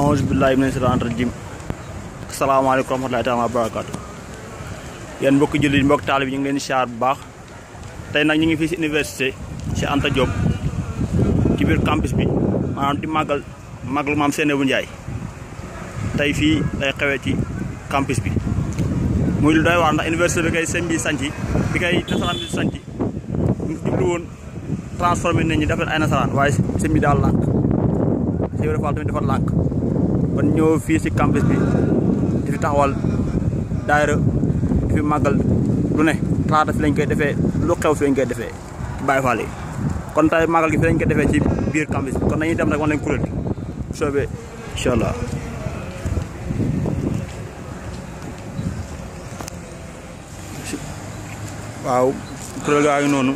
aousubillahi mina shaytaani rajim asalaamaaleykum warahmatullahi wabarakatuh. wabarakatu yéen mbokki ngi leen siyaar si université si Anta ci campus bi maanaam di màggal màggal maam Seynabou Ndiaye tey fii lay xewee ci campus bi muy lu doy waar ndax université bi kay sëñ bi bi kay nasaraan bi sanc ñu jublu nañ ñi ay Cheikh Ibrahima Fall tamit dafa làkk ban ñëw fii si campus bi di fi taxawal daayira di fi màggal lu ne talaata fi lañ koy defee lu xew fi lañ koy defee ci Baye Fall yi kon tay màggal gi fi lañ koy defee ci biir campus bi kon nañuy dem rek wan leen kuréel bi soobee incha allah. waaw kuréel gaa ngi noonu.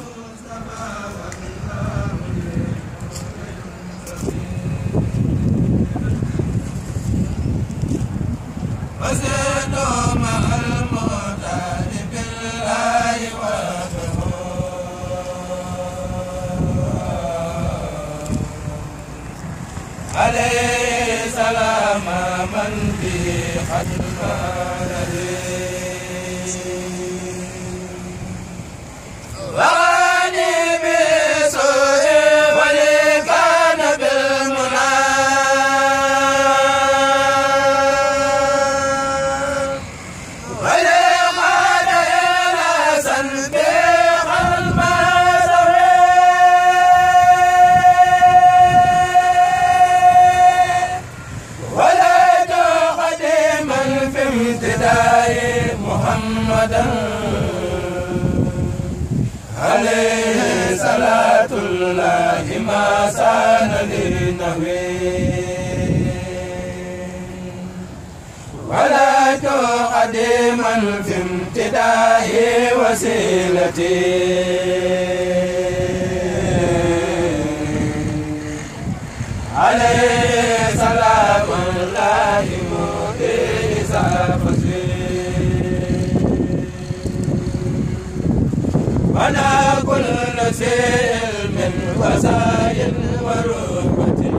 عليه صلاة الله ما سان للنبي ولا قديما في امتداه وسيلتي عليه وانا كل شيء من وسائل ورمتي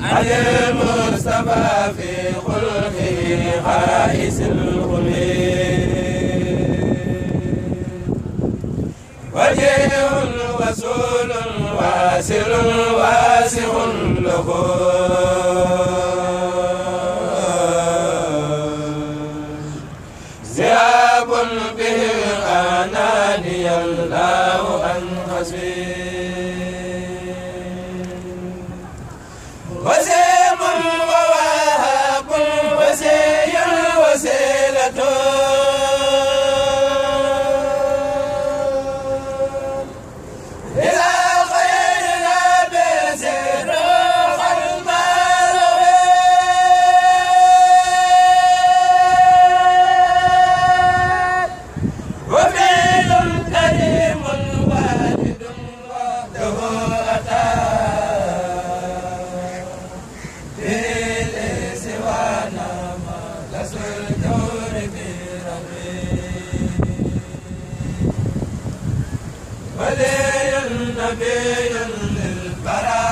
علي المصطفى في خلقه خائس الخليل وجيه وسول واسر واسع لخور نبي للبرايا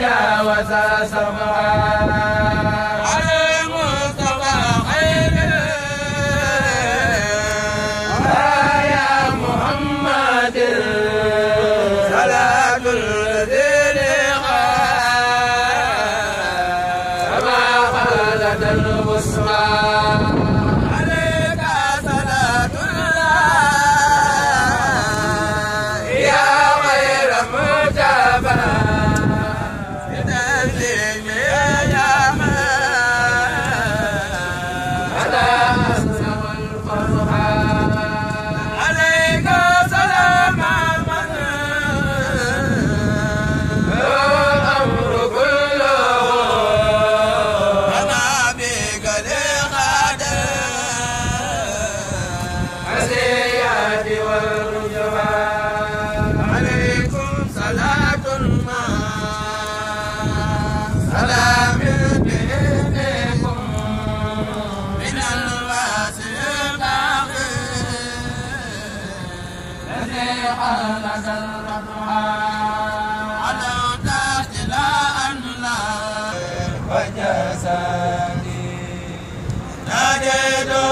جاوز سمعه وجسدي نجد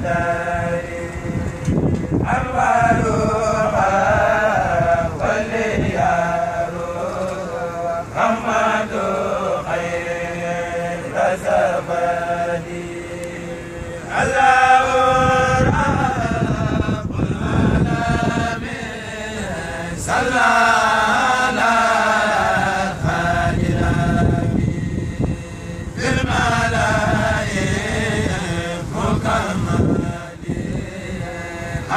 that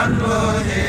Unbelievable.